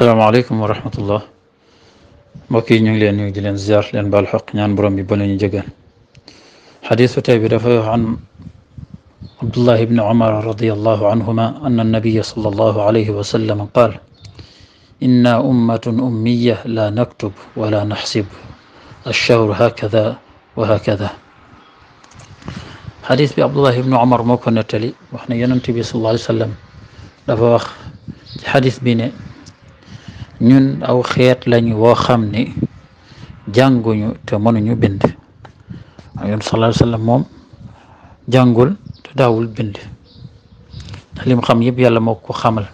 السلام عليكم ورحمة الله مكي نيو لين نيو دي لين زيار لين بالحق نان بروم بي بولي جيغان حديث تايبي دا عن عبد الله بن عمر رضي الله عنهما أن النبي صلى الله عليه وسلم قال إنا أمة أمية لا نكتب ولا نحسب الشهر هكذا وهكذا حديث بي عبد الله بن عمر موكو نتلي وحنا ينمتي بي صلى الله عليه وسلم دا حديث بيني ñun aw xeet lañu wo xamni jànguñu te mënuñu bind yoon sallallahu alayhi wasallam mom jàngul te dawul bind ndax xam yeb yàlla moko ko xamal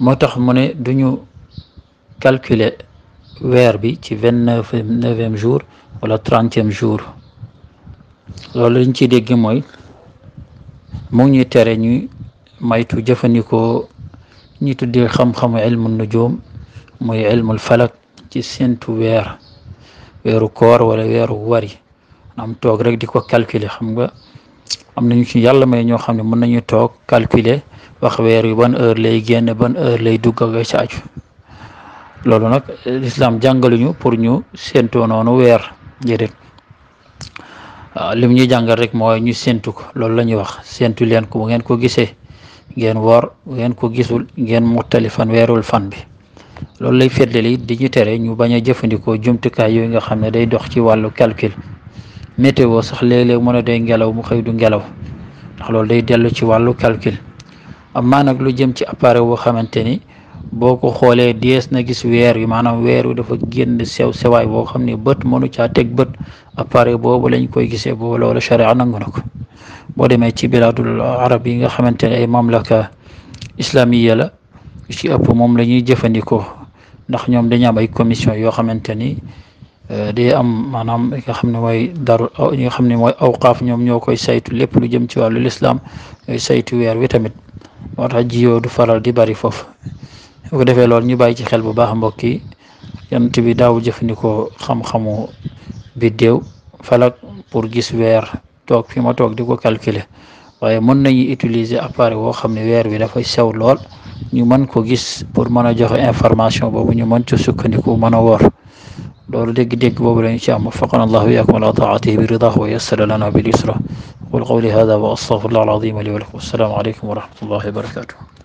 motax tax mu ne duñu calculer wer bi ci vingt 9e jour wala 30e jour lolou liñ ci dégg moy mo ñuy tere ñuy maytu jëfandikoo ñi tuddee xam-xamu ilmu nujum muy ilmul falak ci séntu weer weeru koor wala weeru wari am toog rek di ko calculer xam nga am nañu ci yàlla may ñoo xam ne mën nañu toog calculer wax weer wi ban heure lay génn ban heure lay dugg ak sa aju loolu nag lislaam jàngaluñu pour ñu séntoo noonu weer jëréet waaw lim ñuy jàngal rek mooy ñu séntu ko loolu la ñuy wax séntu leen ko bu ngeen ko gisee ngeen woor ngeen ko gisul ngeen muttali weerul fan bi loolu lay firndeel di ñu tere ñu bañ a jëfandikoo jumtukaay yooyu nga xam ne day dox ci wàllu calcul météo sax léeg-léeg mën a day ngelaw mu xëy du ngelaw ndax loolu day dellu ci wàllu calcul amaa nag lu jëm ci appareil boo xamante ni boo ko xoolee dees na gis weer wi maanaam weer wi dafa génn sew sewaay boo xam ne bët mënu caa teg bët appareil boobu lañ koy gisee boobu loolu charia nangu na boo demee ci bilaadul arab yi nga xamante ne ay mamlaka islamiya la ci ëpp moom lañuy jëfandikoo ndax ñoom dañu am ay commission yoo xamante ni euh, day am maanaam nga xam ne mooy daru xam ne mooy awqaaf ñoom ñoo koy saytu lépp lu jëm ci wàllu lislaam ñooy saytu weer wi tamit moo tax jiyoo du faral di bari foofu bu ko defee loolu ñu bàyyi ci xel bu baax mbokk yi yant bi daaw jëfandikoo xam-xamu biddéew falak pour gis weer toog fi ma toog di ko calculer waaye mën nañu utiliser appareil woo xam ne weer wi dafay sew lool ñu man ko gis pour mën a joxe information boobu ñu mën ci sukkandiku mën a woor loolu dégg-dégg boobu la ñu ci am waffaqana allahu iyakum ala taatihi bi ridah wa yassara lana bil yusra aqul qawli hada wa astaghfirullah alazim li wa lakum wassalaamu aleykum wa rahmatullahi wa barakatuh